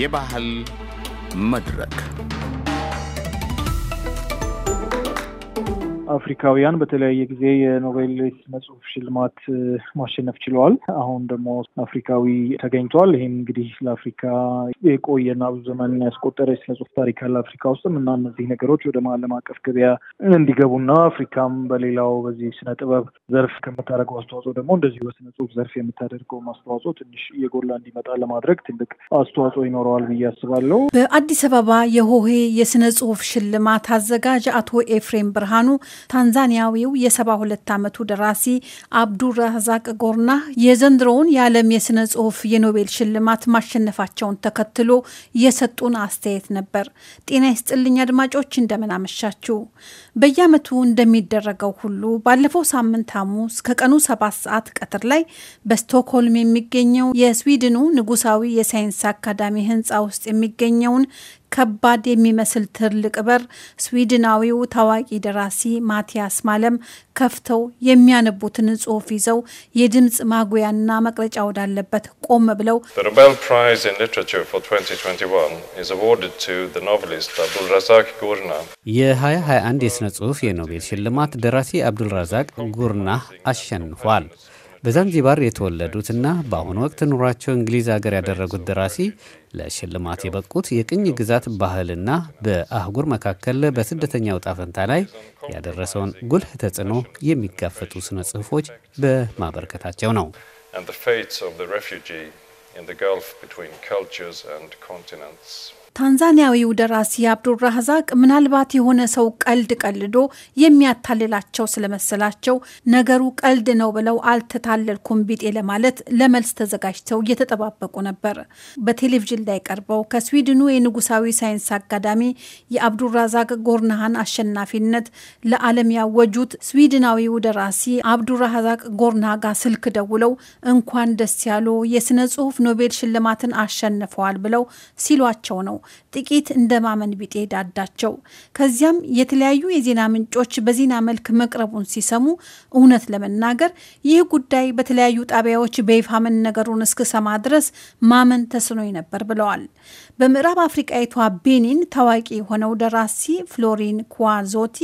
የባህል መድረክ አፍሪካውያን በተለያየ ጊዜ የኖቤል የስነ ጽሁፍ ሽልማት ማሸነፍ ችለዋል። አሁን ደግሞ አፍሪካዊ ተገኝተዋል። ይህም እንግዲህ ለአፍሪካ የቆየና ብዙ ዘመን ያስቆጠረ የስነ ጽሁፍ ታሪክ ያለ አፍሪካ ውስጥም እና እነዚህ ነገሮች ወደ ዓለም አቀፍ ገበያ እንዲገቡና አፍሪካም በሌላው በዚህ ስነ ጥበብ ዘርፍ ከምታደርገው አስተዋጽኦ ደግሞ እንደዚሁ በስነ ጽሁፍ ዘርፍ የምታደርገው አስተዋጽኦ ትንሽ የጎላ እንዲመጣ ለማድረግ ትልቅ አስተዋጽኦ ይኖረዋል ብዬ አስባለሁ። በአዲስ አበባ የሆሄ የስነ ጽሁፍ ሽልማት አዘጋጅ አቶ ኤፍሬም ብርሃኑ ታንዛኒያዊው የሰባ ሁለት ዓመቱ ደራሲ አብዱራዛቅ ጎርና የዘንድሮውን የዓለም የሥነ ጽሑፍ የኖቤል ሽልማት ማሸነፋቸውን ተከትሎ የሰጡን አስተያየት ነበር። ጤና ይስጥልኝ አድማጮች፣ እንደምን አመሻችሁ። በየዓመቱ እንደሚደረገው ሁሉ ባለፈው ሳምንት ሐሙስ ከቀኑ ሰባት ሰዓት ቀትር ላይ በስቶክሆልም የሚገኘው የስዊድኑ ንጉሳዊ የሳይንስ አካዳሚ ህንፃ ውስጥ የሚገኘውን ከባድ የሚመስል ትልቅ በር ስዊድናዊው ታዋቂ ደራሲ ማቲያስ ማለም ከፍተው የሚያነቡትን ጽሑፍ ይዘው የድምፅ ማጉያና መቅረጫ ወዳለበት ቆም ብለው የ2021 የሥነ ጽሑፍ የኖቤል ሽልማት ደራሲ አብዱልራዛቅ ጉርናህ አሸንፏል። በዛንዚባር የተወለዱትና በአሁኑ ወቅት ኑሯቸው እንግሊዝ ሀገር ያደረጉት ደራሲ ለሽልማት የበቁት የቅኝ ግዛት ባህልና በአህጉር መካከል በስደተኛ ጣፈንታ ላይ ያደረሰውን ጉልህ ተጽዕኖ የሚጋፈጡ ስነ ጽሁፎች በማበረከታቸው ነው። And the fates of the refugee in the gulf between cultures and continents. ታንዛኒያዊው ደራሲ አብዱራዛቅ ምናልባት የሆነ ሰው ቀልድ ቀልዶ የሚያታልላቸው ስለመሰላቸው ነገሩ ቀልድ ነው ብለው አልተታለልኩም ቢጤ ለማለት ለመልስ ተዘጋጅተው እየተጠባበቁ ነበር። በቴሌቪዥን ላይ ቀርበው ከስዊድኑ የንጉሳዊ ሳይንስ አካዳሚ የአብዱራዛቅ ጎርናሃን አሸናፊነት ለዓለም ያወጁት ስዊድናዊው ደራሲ አብዱራህዛቅ ጎርናሃ ጋር ስልክ ደውለው እንኳን ደስ ያሉ የስነ ጽሁፍ ኖቤል ሽልማትን አሸንፈዋል ብለው ሲሏቸው ነው ጥቂት እንደማመን ቢጤ ዳዳቸው። ከዚያም የተለያዩ የዜና ምንጮች በዜና መልክ መቅረቡን ሲሰሙ እውነት ለመናገር ይህ ጉዳይ በተለያዩ ጣቢያዎች በይፋ መነገሩን እስክሰማ ድረስ ማመን ተስኖኝ ነበር ብለዋል። በምዕራብ አፍሪቃዊቷ ቤኒን ታዋቂ የሆነው ደራሲ ፍሎሪን ኳዞቲ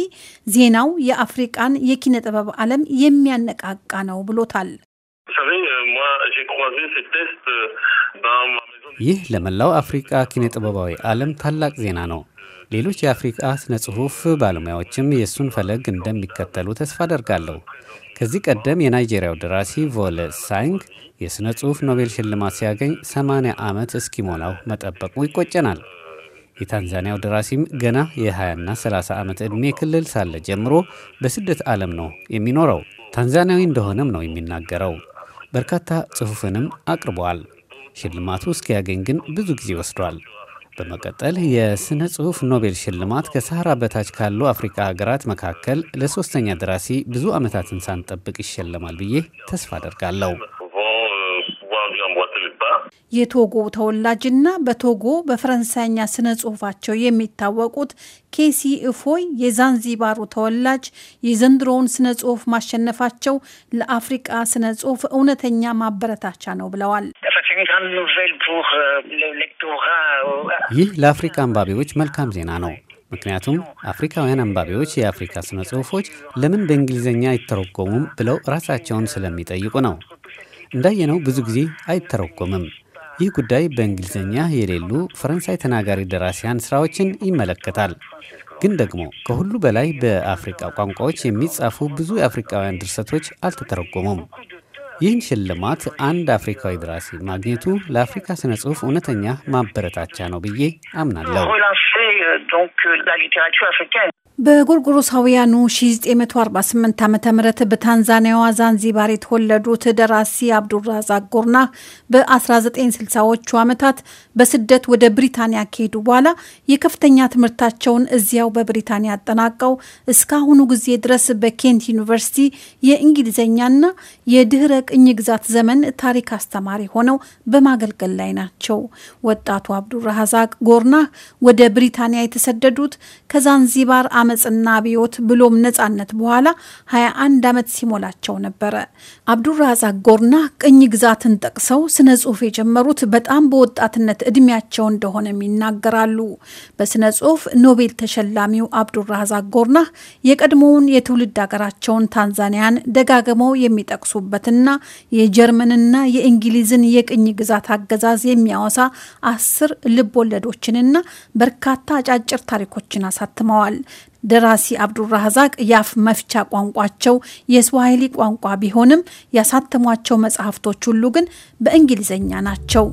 ዜናው የአፍሪቃን የኪነ ጥበብ ዓለም የሚያነቃቃ ነው ብሎታል። ይህ ለመላው አፍሪቃ ኪነ ጥበባዊ ዓለም ታላቅ ዜና ነው። ሌሎች የአፍሪቃ ስነ ጽሑፍ ባለሙያዎችም የእሱን ፈለግ እንደሚከተሉ ተስፋ አደርጋለሁ። ከዚህ ቀደም የናይጄሪያው ደራሲ ቮለ ሳይንግ የሥነ ጽሑፍ ኖቤል ሽልማት ሲያገኝ 80 ዓመት እስኪሞላው መጠበቁ ይቆጨናል። የታንዛኒያው ደራሲም ገና የ20ና 30 ዓመት ዕድሜ ክልል ሳለ ጀምሮ በስደት ዓለም ነው የሚኖረው። ታንዛኒያዊ እንደሆነም ነው የሚናገረው። በርካታ ጽሑፍንም አቅርበዋል። ሽልማቱ እስኪያገኝ ግን ብዙ ጊዜ ወስዷል። በመቀጠል የሥነ ጽሑፍ ኖቤል ሽልማት ከሰሃራ በታች ካሉ አፍሪካ ሀገራት መካከል ለሦስተኛ ደራሲ ብዙ ዓመታትን ሳንጠብቅ ይሸለማል ብዬ ተስፋ አደርጋለሁ። የቶጎ ተወላጅና በቶጎ በፈረንሳይኛ ስነ ጽሁፋቸው የሚታወቁት ኬሲ እፎይ የዛንዚባሩ ተወላጅ የዘንድሮውን ስነ ጽሁፍ ማሸነፋቸው ለአፍሪቃ ስነ ጽሁፍ እውነተኛ ማበረታቻ ነው ብለዋል። ይህ ለአፍሪካ አንባቢዎች መልካም ዜና ነው። ምክንያቱም አፍሪካውያን አንባቢዎች የአፍሪካ ስነ ጽሁፎች ለምን በእንግሊዝኛ አይተረጎሙም ብለው ራሳቸውን ስለሚጠይቁ ነው። እንዳየነው ብዙ ጊዜ አይተረጎምም። ይህ ጉዳይ በእንግሊዝኛ የሌሉ ፈረንሳይ ተናጋሪ ደራሲያን ስራዎችን ይመለከታል። ግን ደግሞ ከሁሉ በላይ በአፍሪካ ቋንቋዎች የሚጻፉ ብዙ የአፍሪካውያን ድርሰቶች አልተተረጎሙም። ይህን ሽልማት አንድ አፍሪካዊ ደራሲ ማግኘቱ ለአፍሪካ ስነ ጽሁፍ እውነተኛ ማበረታቻ ነው ብዬ አምናለሁ። በጎርጎሮሳውያኑ 1948 ዓ ም በታንዛኒያዋ ዛንዚባር የተወለዱት ደራሲ አብዱራዛቅ ጎርና በ1960ዎቹ ዓመታት በስደት ወደ ብሪታንያ ከሄዱ በኋላ የከፍተኛ ትምህርታቸውን እዚያው በብሪታንያ አጠናቀው እስካሁኑ ጊዜ ድረስ በኬንት ዩኒቨርሲቲ የእንግሊዝኛና የድህረ ቅኝ ግዛት ዘመን ታሪክ አስተማሪ ሆነው በማገልገል ላይ ናቸው። ወጣቱ አብዱራዛቅ ጎርና ወደ ብሪታንያ የተሰደዱት ከዛንዚባር ከአመፅና አብዮት ብሎም ነጻነት በኋላ 21 ዓመት ሲሞላቸው ነበረ። አብዱራዛቅ ጎርና ቅኝ ግዛትን ጠቅሰው ስነ ጽሁፍ የጀመሩት በጣም በወጣትነት እድሜያቸው እንደሆነም ይናገራሉ። በስነ ጽሁፍ ኖቤል ተሸላሚው አብዱራዛቅ ጎርና የቀድሞውን የትውልድ ሀገራቸውን ታንዛኒያን ደጋግመው የሚጠቅሱበትና የጀርመንና የእንግሊዝን የቅኝ ግዛት አገዛዝ የሚያወሳ አስር ልብ ወለዶችንና በርካታ አጫጭር ታሪኮችን አሳትመዋል። ደራሲ አብዱራዛቅ የአፍ መፍቻ ቋንቋቸው የስዋሂሊ ቋንቋ ቢሆንም ያሳተሟቸው መጽሐፍቶች ሁሉ ግን በእንግሊዝኛ ናቸው።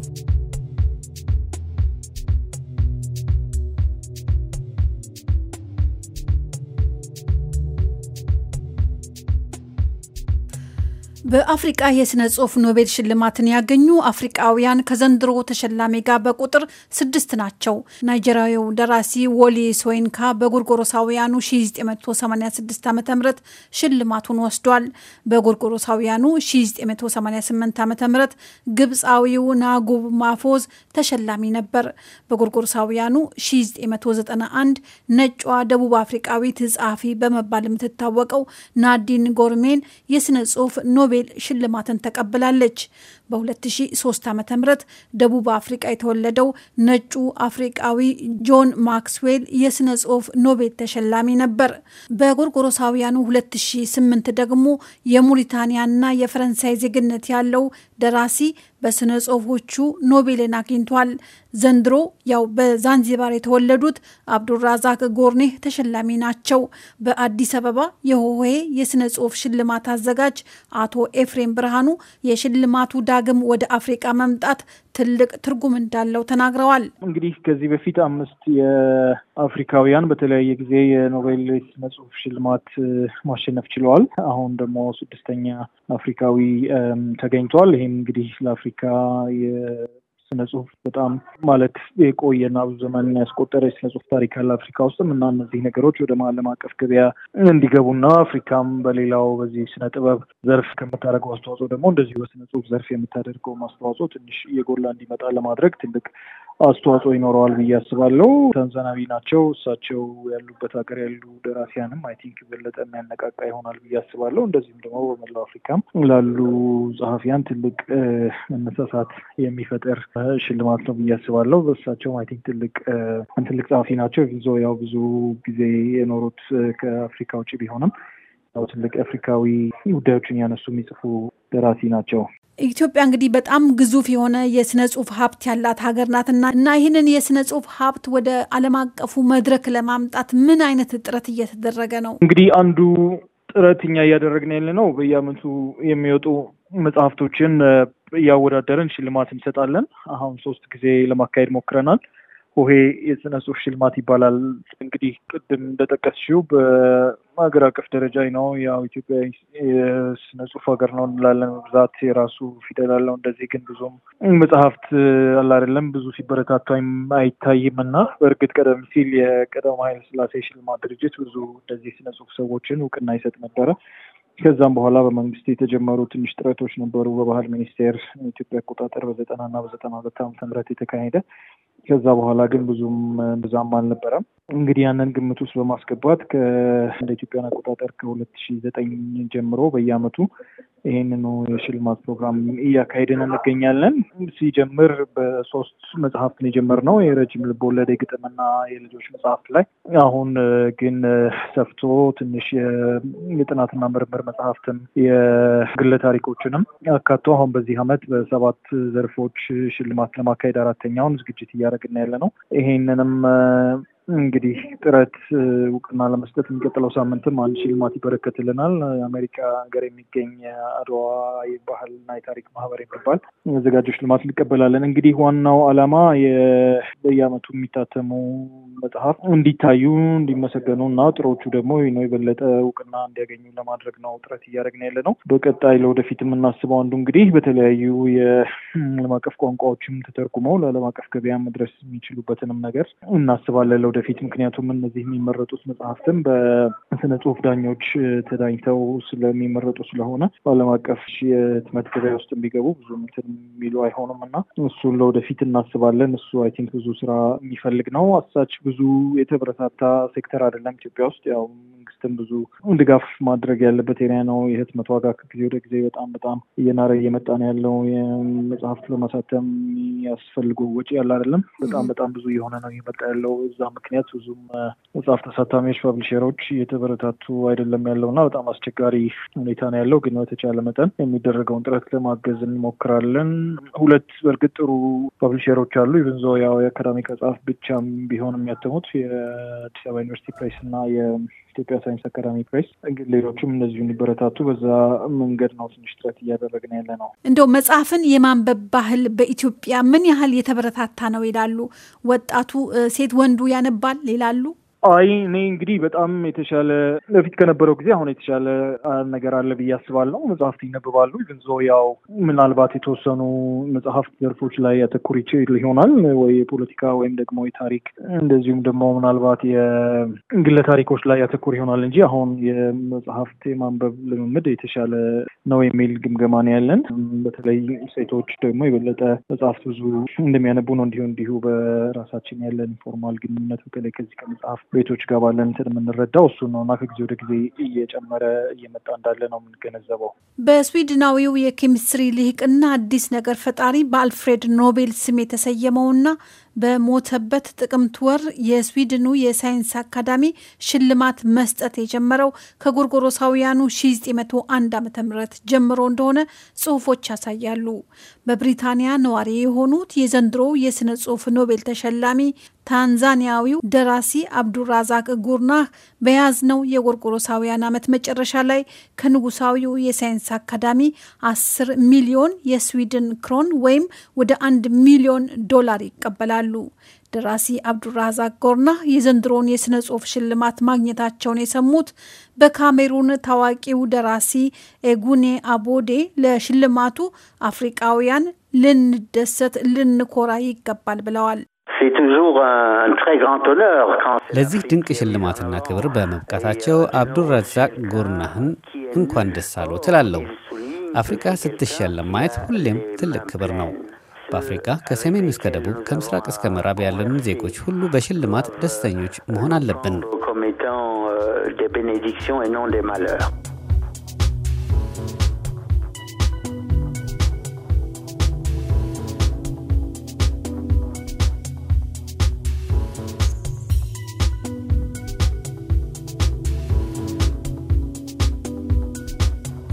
በአፍሪቃ የሥነ ጽሑፍ ኖቤል ሽልማትን ያገኙ አፍሪቃውያን ከዘንድሮ ተሸላሚ ጋር በቁጥር ስድስት ናቸው። ናይጄሪያዊው ደራሲ ወሊ ሶይንካ በጎርጎሮሳውያኑ 1986 ዓ ም ሽልማቱን ወስዷል። በጎርጎሮሳውያኑ 1988 ዓ ም ግብፃዊው ናጉብ ማፎዝ ተሸላሚ ነበር። በጎርጎሮሳውያኑ 1991 ነጯ ደቡብ አፍሪቃዊት ጸሐፊ በመባል የምትታወቀው ናዲን ጎርሜን የሥነ ጽሑፍ ኖቤል ሽልማትን ተቀብላለች። በ2003 ዓ ም ደቡብ አፍሪቃ የተወለደው ነጩ አፍሪቃዊ ጆን ማክስዌል የሥነ ጽሑፍ ኖቤል ተሸላሚ ነበር። በጎርጎሮሳውያኑ 2008 ደግሞ የሙሪታንያና የፈረንሳይ ዜግነት ያለው ደራሲ በሥነ ጽሑፎቹ ኖቤልን አግኝቷል። ዘንድሮ ያው በዛንዚባር የተወለዱት አብዱራዛቅ ጎርኔህ ተሸላሚ ናቸው። በአዲስ አበባ የሆሄ የሥነ ጽሑፍ ሽልማት አዘጋጅ አቶ ኤፍሬም ብርሃኑ የሽልማቱ ዳ ዳግም ወደ አፍሪቃ መምጣት ትልቅ ትርጉም እንዳለው ተናግረዋል። እንግዲህ ከዚህ በፊት አምስት የአፍሪካውያን በተለያየ ጊዜ የኖቤል ስነ ጽሁፍ ሽልማት ማሸነፍ ችለዋል። አሁን ደግሞ ስድስተኛ አፍሪካዊ ተገኝቷል። ይህም እንግዲህ ለአፍሪካ ስነ ጽሁፍ በጣም ማለት የቆየና ብዙ ዘመን ያስቆጠረ የስነ ጽሁፍ ታሪክ ያለ አፍሪካ ውስጥም እና እነዚህ ነገሮች ወደ ዓለም አቀፍ ገበያ እንዲገቡና አፍሪካም በሌላው በዚህ ስነ ጥበብ ዘርፍ ከምታደርገው አስተዋጽኦ ደግሞ እንደዚሁ በስነ ጽሁፍ ዘርፍ የምታደርገው አስተዋጽኦ ትንሽ እየጎላ እንዲመጣ ለማድረግ ትልቅ አስተዋጽኦ ይኖረዋል ብዬ አስባለሁ። ተንዘናቢ ናቸው። እሳቸው ያሉበት ሀገር ያሉ ደራሲያንም አይ ቲንክ የበለጠ የሚያነቃቃ ይሆናል ብዬ አስባለሁ። እንደዚሁም ደግሞ በመላው አፍሪካም ላሉ ጸሐፊያን ትልቅ መነሳሳት የሚፈጥር ሽልማት ነው ብዬ አስባለሁ። በእሳቸውም አይ ቲንክ ትልቅ ትልቅ ጸሐፊ ናቸው። ይዞ ያው ብዙ ጊዜ የኖሩት ከአፍሪካ ውጭ ቢሆንም ያው ትልቅ አፍሪካዊ ጉዳዮችን ያነሱ የሚጽፉ ደራሲ ናቸው። ኢትዮጵያ እንግዲህ በጣም ግዙፍ የሆነ የስነ ጽሁፍ ሀብት ያላት ሀገር ናት እና ይህንን የስነ ጽሁፍ ሀብት ወደ ዓለም አቀፉ መድረክ ለማምጣት ምን አይነት ጥረት እየተደረገ ነው? እንግዲህ አንዱ ጥረት እኛ እያደረግን ያለ ነው። በየአመቱ የሚወጡ መጽሐፍቶችን እያወዳደርን ሽልማት እንሰጣለን። አሁን ሶስት ጊዜ ለማካሄድ ሞክረናል። ኮሄ የስነ ጽሁፍ ሽልማት ይባላል። እንግዲህ ቅድም እንደጠቀስሽው በሀገር አቀፍ ደረጃ ነው። ያው ኢትዮጵያ የስነ ጽሁፍ ሀገር ነው እንላለን ብዛት የራሱ ፊደል አለው። እንደዚህ ግን ብዙም መጽሐፍት አለ አይደለም ብዙ ሲበረታቱ አይታይም እና በእርግጥ ቀደም ሲል የቀዳማዊ ኃይለ ሥላሴ ሽልማት ድርጅት ብዙ እንደዚህ ስነ ጽሁፍ ሰዎችን እውቅና ይሰጥ ነበረ። ከዛም በኋላ በመንግስት የተጀመሩ ትንሽ ጥረቶች ነበሩ። በባህል ሚኒስቴር ኢትዮጵያ አቆጣጠር በዘጠና እና በዘጠና ሁለት ዓመተ ምህረት የተካሄደ ከዛ በኋላ ግን ብዙም ብዛም አልነበረም። እንግዲህ ያንን ግምት ውስጥ በማስገባት እንደ ኢትዮጵያን አቆጣጠር ከሁለት ሺ ዘጠኝ ጀምሮ በየአመቱ ይህንኑ የሽልማት ፕሮግራም እያካሄድን እንገኛለን። ሲጀምር በሶስት መጽሐፍትን ነው የረጅም ልቦለድ የግጥምና የልጆች መጽሐፍት ላይ አሁን ግን ሰፍቶ ትንሽ የጥናትና ምርምር መጽሐፍትም የግለ ታሪኮችንም አካቶ አሁን በዚህ አመት በሰባት ዘርፎች ሽልማት ለማካሄድ አራተኛውን ዝግጅት እያደረግን ያለ ነው። ይሄንንም እንግዲህ ጥረት እውቅና ለመስጠት የሚቀጥለው ሳምንትም አንድ ሽልማት ይበረከትልናል። የአሜሪካ ሀገር የሚገኝ አድዋ የባህልና የታሪክ ማህበር የሚባል ያዘጋጀው ሽልማት እንቀበላለን። እንግዲህ ዋናው ዓላማ በየዓመቱ የሚታተሙ መጽሐፍ እንዲታዩ እንዲመሰገኑ እና ጥሮቹ ደግሞ ነው የበለጠ እውቅና እንዲያገኙ ለማድረግ ነው ጥረት እያደረግን ያለ ነው። በቀጣይ ለወደፊት የምናስበው አንዱ እንግዲህ በተለያዩ የዓለም አቀፍ ቋንቋዎችም ተተርጉመው ለዓለም አቀፍ ገበያ መድረስ የሚችሉበትንም ነገር እናስባለን ለወደፊት። ምክንያቱም እነዚህ የሚመረጡት መጽሐፍትም በስነ ጽሁፍ ዳኞች ተዳኝተው ስለሚመረጡ ስለሆነ በዓለም አቀፍ የህትመት ገበያ ውስጥ የሚገቡ ብዙ እንትን የሚሉ አይሆኑም እና እሱን ለወደፊት እናስባለን። እሱ አይ ቲንክ ብዙ ስራ የሚፈልግ ነው አሳች ብዙ የተበረታታ ሴክተር አይደለም ኢትዮጵያ ውስጥ ያው መንግስትም ብዙ ድጋፍ ማድረግ ያለበት ኤሪያ ነው። የህትመት ዋጋ ከጊዜ ወደ ጊዜ በጣም በጣም እየናረ እየመጣ ነው ያለው። መጽሐፍት ለማሳተም ያስፈልጉ ወጪ ያለ አይደለም በጣም በጣም ብዙ የሆነ ነው እየመጣ ያለው። እዛ ምክንያት ብዙም መጽሐፍ ተሳታሚዎች፣ ፐብሊሸሮች እየተበረታቱ አይደለም ያለው እና በጣም አስቸጋሪ ሁኔታ ነው ያለው። ግን በተቻለ መጠን የሚደረገውን ጥረት ለማገዝ እንሞክራለን። ሁለት በእርግጥ ጥሩ ፐብሊሸሮች አሉ። ኢቨን ያው የአካዳሚክ መጽሐፍ ብቻም ቢሆንም ያሳተሙት የአዲስ አበባ ዩኒቨርሲቲ ፕሬስ እና የኢትዮጵያ ሳይንስ አካዳሚ ፕሬስ፣ ሌሎቹም እንደዚሁ እንዲበረታቱ በዛ መንገድ ነው ትንሽ ጥረት እያደረግን ያለ ነው። እንደው መጽሐፍን የማንበብ ባህል በኢትዮጵያ ምን ያህል የተበረታታ ነው ይላሉ? ወጣቱ ሴት ወንዱ ያነባል ይላሉ? አይ እኔ እንግዲህ በጣም የተሻለ በፊት ከነበረው ጊዜ አሁን የተሻለ ነገር አለ ብዬ አስባለሁ። መጽሐፍት ይነበባሉ። ግን ያው ምናልባት የተወሰኑ መጽሐፍት ዘርፎች ላይ ይችል ይሆናል ወይ የፖለቲካ ወይም ደግሞ የታሪክ እንደዚሁም ደግሞ ምናልባት የግለ ታሪኮች ላይ ያተኩር ይሆናል እንጂ አሁን የመጽሐፍት የማንበብ ልምምድ የተሻለ ነው የሚል ግምገማ ነው ያለን። በተለይ ሴቶች ደግሞ የበለጠ መጽሐፍት ብዙ እንደሚያነቡ ነው። እንዲሁ እንዲሁ በራሳችን ያለን ኢንፎርማል ግንኙነት በተለይ ከዚህ ከመጽሐፍት ቤቶች ጋር ባለን እንትን የምንረዳው እሱ ነው እና ከጊዜ ወደ ጊዜ እየጨመረ እየመጣ እንዳለ ነው የምንገነዘበው። በስዊድናዊው የኬሚስትሪ ልህቅና አዲስ ነገር ፈጣሪ በአልፍሬድ ኖቤል ስም የተሰየመውና በሞተበት ጥቅምት ወር የስዊድኑ የሳይንስ አካዳሚ ሽልማት መስጠት የጀመረው ከጎርጎሮሳውያኑ 1901 ዓ ም ጀምሮ እንደሆነ ጽሁፎች ያሳያሉ። በብሪታንያ ነዋሪ የሆኑት የዘንድሮው የሥነ ጽሑፍ ኖቤል ተሸላሚ ታንዛኒያዊው ደራሲ አብዱራዛቅ ጉርናህ በያዝነው የጎርጎሮሳውያን ዓመት መጨረሻ ላይ ከንጉሳዊው የሳይንስ አካዳሚ 10 ሚሊዮን የስዊድን ክሮን ወይም ወደ 1 ሚሊዮን ዶላር ይቀበላሉ። ደራሲ አብዱራዛቅ ጎርናህ የዘንድሮውን የሥነ ጽሑፍ ሽልማት ማግኘታቸውን የሰሙት በካሜሩን ታዋቂው ደራሲ ኤጉኔ አቦዴ ለሽልማቱ አፍሪቃውያን ልንደሰት፣ ልንኮራ ይገባል ብለዋል። ለዚህ ድንቅ ሽልማትና ክብር በመብቃታቸው አብዱራዛቅ ጎርናህን እንኳን ደስ አሎ ትላለሁ። አፍሪካ ስትሸለም ማየት ሁሌም ትልቅ ክብር ነው። በአፍሪካ ከሰሜን እስከ ደቡብ ከምስራቅ እስከ ምዕራብ ያለንን ዜጎች ሁሉ በሽልማት ደስተኞች መሆን አለብን።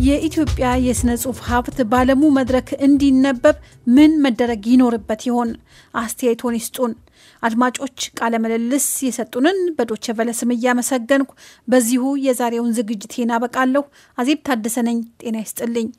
የኢትዮጵያ የሥነ ጽሑፍ ሀብት ባለሙ መድረክ እንዲነበብ ምን መደረግ ይኖርበት ይሆን? አስተያየቶን ይስጡን። አድማጮች ቃለ ምልልስ የሰጡንን በዶቸ በለስም ስም እያመሰገንኩ በዚሁ የዛሬውን ዝግጅቴን አበቃለሁ። አዜብ ታደሰ ነኝ። ጤና ይስጥልኝ።